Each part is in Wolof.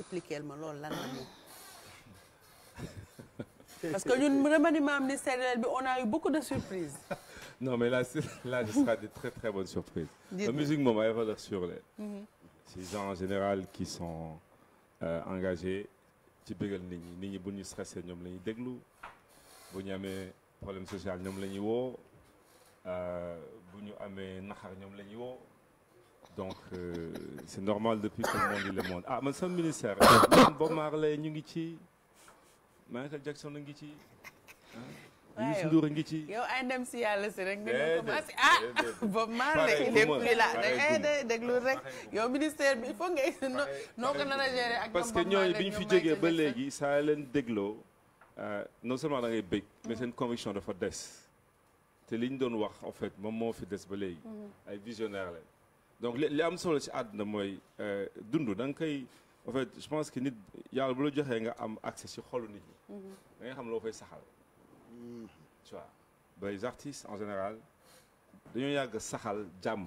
expliquer ma loolu lan la moom parce que ñun a eu beaucoup de surprises. non mais là là la musique moom ay valeur sûre mhm. gens en général qui sont euh, engagés ci bëggal nit ñi nit ñi bu ñu stressé ñoom la ñuy déglu bu ñu amee problème social ñoom la ñuy woo euh, bu ñu amee naxar ñoom la woo. donc euh, c'est normal depuis tout le monde le monde ah man ministère man Bob Marley ñu ngi ci Michael Jackson a ngi ci Youssou Ndour a ngi ci yow ay dem si yàlla si rek nga commencé ah Bob Marley lépp li la eh, da rek yow ministère il faut nga noo ko nar a ak parce que ñooñu bi ñu fi jógee ba léegi saa dégloo euh, non seulement da ngay bëgg mais seen conviction des te li ñu doon wax en fait moom moo fi des ba léegi mm-hmm. ay visionnaire lañ donc li am solo ci àdduna mooy euh, dund da nga koy en je pense que nit yàlla bu la joxee nga am accès ci xolu nit ñi. Mhm. da nga xam loo fay saxal. Mhm. tu vois ba artistes en général dañoo yàgg saxal jàmm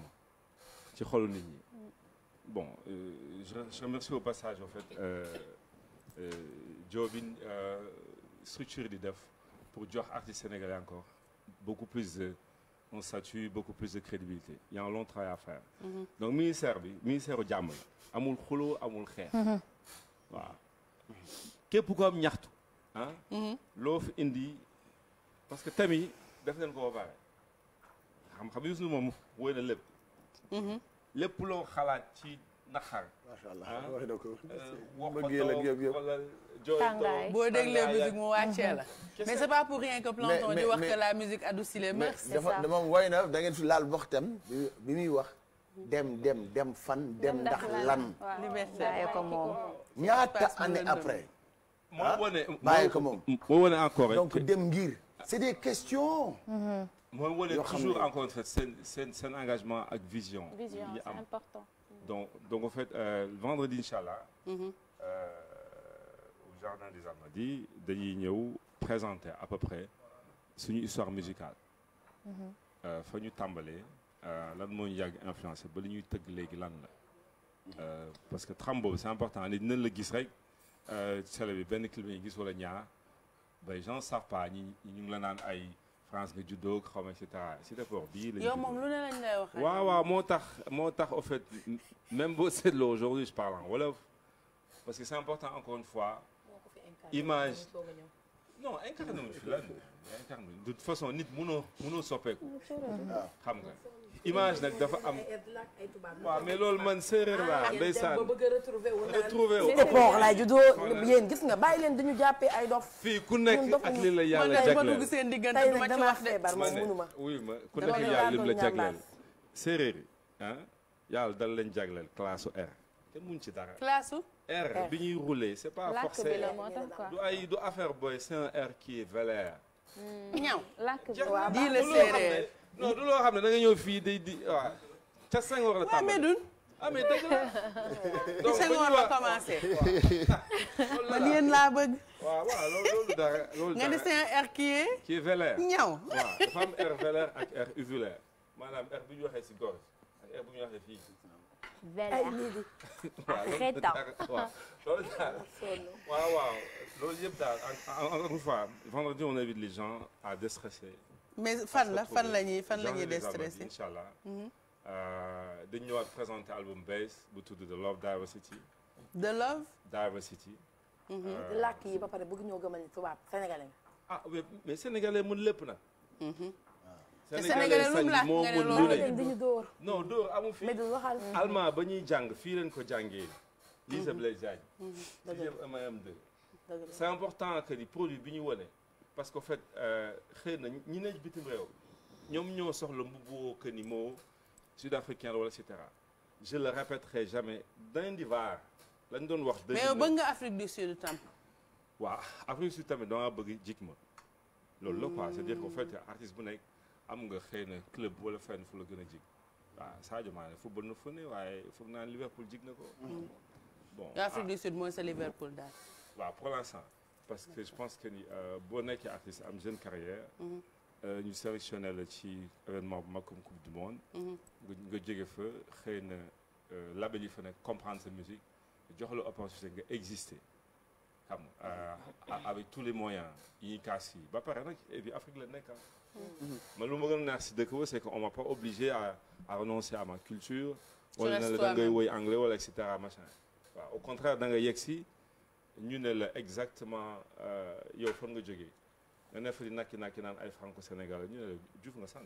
ci xolu ni ñi. Mhm. bon euh, je, je remercie au passage en fait Diop euh, euh, structure di def pour jox artistes sénégalais encore beaucoup plus on statut beaucoup plus de crédibilité il y a un long à faire mm-hmm. donc ministère bi ministère jàmm la amul xuloo amul xeex mm-hmm. waaw képp ko am ñaxtu ah, mm-hmm. loo fi indi parce que tamit def nañ ko ba pare xam-xam Youssou moom wóy na lépp lépp loo xalaat ci naqar. macha allah wax na ko. Ah. Euh, bëggee ak yëpp yëpp tàngaay boo déglee musique la. mais c'est pas pour rien que Planton di wax la musique adoucit les mœurs. c'est ça dafa moom da ngeen fi laal boxtam bi muy wax. dem dem fan dem dax lan. liberté bàyyi ko moom. ñaata année après. moo ah? wone bàyyi ko moom. moo wone donc dem ngir. c'est des questions. Mm-hmm. mooy wone toujours encore seen seen engagement ak vision. vision c'est important. donc donc en fait euh, vendredi incha allah. Mhm. Euh, au jardin des Almadies dañuy ñëw présenter à peu près suñu histoire musicale. Mhm. Euh, fa ñu tàmbalee lan moo ñu yàgg influencé ba li ñuy tëgg léegi lan la. Mhm. parce que tram boobu c'est important nit dinañ la gis rek sele bi benn clip ñu gis wala ñaar bay gens savent pas ñi ñu ngi la naan ay. France nga juddoo xaw ma et cetera si d'abord bii. la ñu yow moom lu ne lañ moo tax moo tax au fait même aujourd'hui je parle en parce que c'est important encore une fois. image non incarné wuñ fi de toute façon nit mënoo mënoo soppeeku. Ah. xam nga. image nag dafa am waaw mais loolu man séeréer laa ah, ndeysaan retrouvé wu poox laay juddoo yéen gis nga bàyyi leen dañu jàppee ay dof fii ku nekk ak li la yàlla jagleel tey nag damaa feebar moom munuma wuy ku nekk yàlla la séeréer yi ah yàlla dal leen jagleel classe R te muñ ci dara classe R bi ñuy rouler c'est pas forcé du ay du affaire booy c'est un R qui est hmm. ñaw làkk bi waaw di la séeréer non du loo xam ne da nga fii di di waaw ca Senghor la tàmbali waaw la. donc la bëgg. waaw waaw loolu dara loolu dara nga di seen air qui est. qui est vélaire ñaw. waaw dafa am air vélaire ak air uvulaire maanaam air bu ñu waxee si gorge ak air bu ñu waxee fii. vélaire ak rétan. waaw loolu daal waaw waaw loolu yëpp daal encore une fois vendredi on invite les mais fan la fan la ñuy fan la ñuy déstressé incha allah. Mhm. Euh, dañ ñëwaat présenter album base bu tudd The Love Diversity. The Love. Diversity. Mhm. Euh, làkk yi bëgg ñoo gëmal ni tubaab sénégalais. Ah, mun lépp nag. Mhm. te sénégalais lu mu laaj nga ne loolu dóor. fi. mais du waxal allemand ba ñuy jàng fii leen ko jàngee. lycée Blaise Diagne. dëgg la 2 c'est important que ni produit bi ñu wone parce qu'en fait euh, xëy na ñi ne bitim réew ñoom ñoo soxla mbubboo que ni moo sud-africain la wala et cetera je le répéterai jamais lañ doon wax. mais yow bëgg nga Afrique du Sud tam. waaw bëgg jik ma loolu la quoi c'est-à-dire qu'en fait artiste bu nekk am nga xëy na club wala fenn fu la gën a jik waaw Sadio Mané football na fu waaye foog naa Liverpool jig na ko. Mm-hmm. bon Afrique ah. du Sud mooy sa Liverpool daal. waaw pour l'instant parce que je pense que ni euh, boo nekkee artiste am jeune carrière mhm. euh, ñu sélectionné la ci événement bu mag comme coupe du monde mhm. nga jóge fa xëy na euh, label yi fa nekk comprendre sa musique jox la opportunité nga exister xam nga avec tous les moyens yi ñuy ba pare nag et puis Afrique la nekk mhm. man lu ma a si dëkk ba c'est que m'a obligé à culture wala na la da ngay woy anglais wala et cetera machin au contraire da nga yegg ñu ne la exactement euh, yow fan nga jóge nga ne fa di nakki nakki naan ay franco sénégalais ñu ne la Diouf nga sant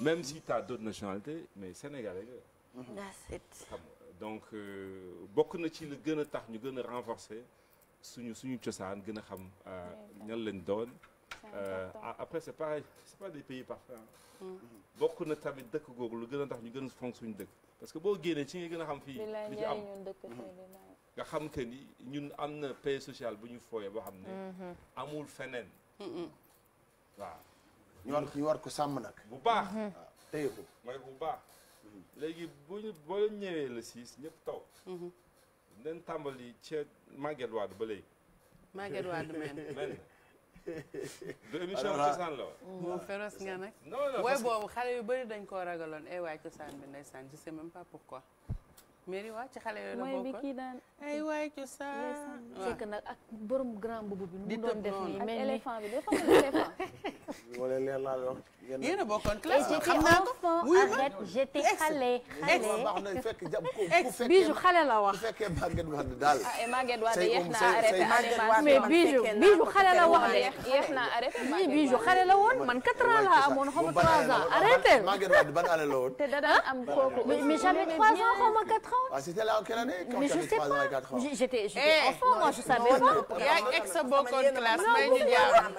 même si t'as d'autres nationalités mais sénégalais nga mm-hmm. xam donc euh, bokk na ci lu gën a tax ñu gën a renforcer suñu suñu cosaan gën a xam euh, ñan lañ doon après c'est pareil c'est pas des pays parfaits mm-hmm. bokk na tamit dëkk googu lu gën a tax ñu gën fong fonk suñu dëkk parce que boo génnee ci nga gën a xam fii li ci am nga xam que ni ñun am na paix sociale bu ñu fooyee boo xam ne. Mhm. amul feneen. Mhm. waaw. ñu war ñu ko sàmm nag. bu baax. te mhm. téye ko bu baax. léegi bu ñu boo ñëwee le six ñëpp taw. dinañ tàmbali ca Maguette Wade ba léegi. Maguette Wade men men du émission cosaan la woon. nga nag. non non boobu xale yu bëri dañ koo ragaloon ay eh waay cosaan bi ndeysaan je sais même pas pourquoi. Mary waa ci xale yooyu la mooy bi kii daan ay waay cosaan fekk nag ak borom grand boobu bi mu doon def nii mel ni éléphant bi dafa mel éléphant wala leer laa la wax. yéen a bokkoon classe xam naa ko wuyu ma j'étais xale xale. fekk ku bijou xale la wax. bu fekkee ah, Maguette Wade daal. Um, ah Maguette Wade yéex naa arrêté mais bijou bijou xale la wax de. yéex naa arrêté Maguette bijou xale la woon man 4 ans la amoon xaw ma 3 ans arrêté. Maguette Wade ban année la woon. te da daan am kooku. mais j'avais 3 ans xaw ma 4 ans. ah c'était là en quelle année. mais je sais pas j'étais j'étais eh, enfant moi je savais pas. yaa ngi egg sa bokkoon classe may ñu jaar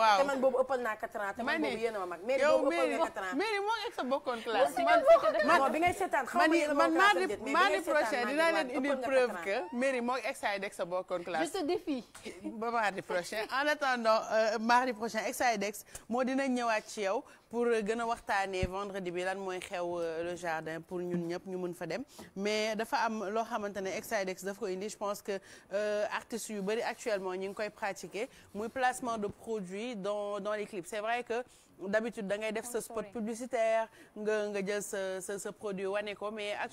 waaw. quatre ans. te man boobu yéen a ma mag mairie boobu ëppal nga quatre ans. mairie moo ngi sa bokkoon classe. man ma yéen man mardi prochain dinaa leen indi preuve que mairie moo ngi exay dex sa bokkoon classe. ba prochain en attendant euh, mardi prochain exay moo dina ñëwaat ci pour gën a waxtaanee vendredi bi mooy xew euh, le jardin pour ñun ñëpp ñu mën fa dem mais dafa am loo xamante ne Exidex daf ko que euh, artistes yu bëri actuellement ñu ngi koy pratiquer muy placement de produits dans dans c'est vrai que d'habitude da ngay def sa spot publicitaire nga nga jël sa sa sa produit wane ko mais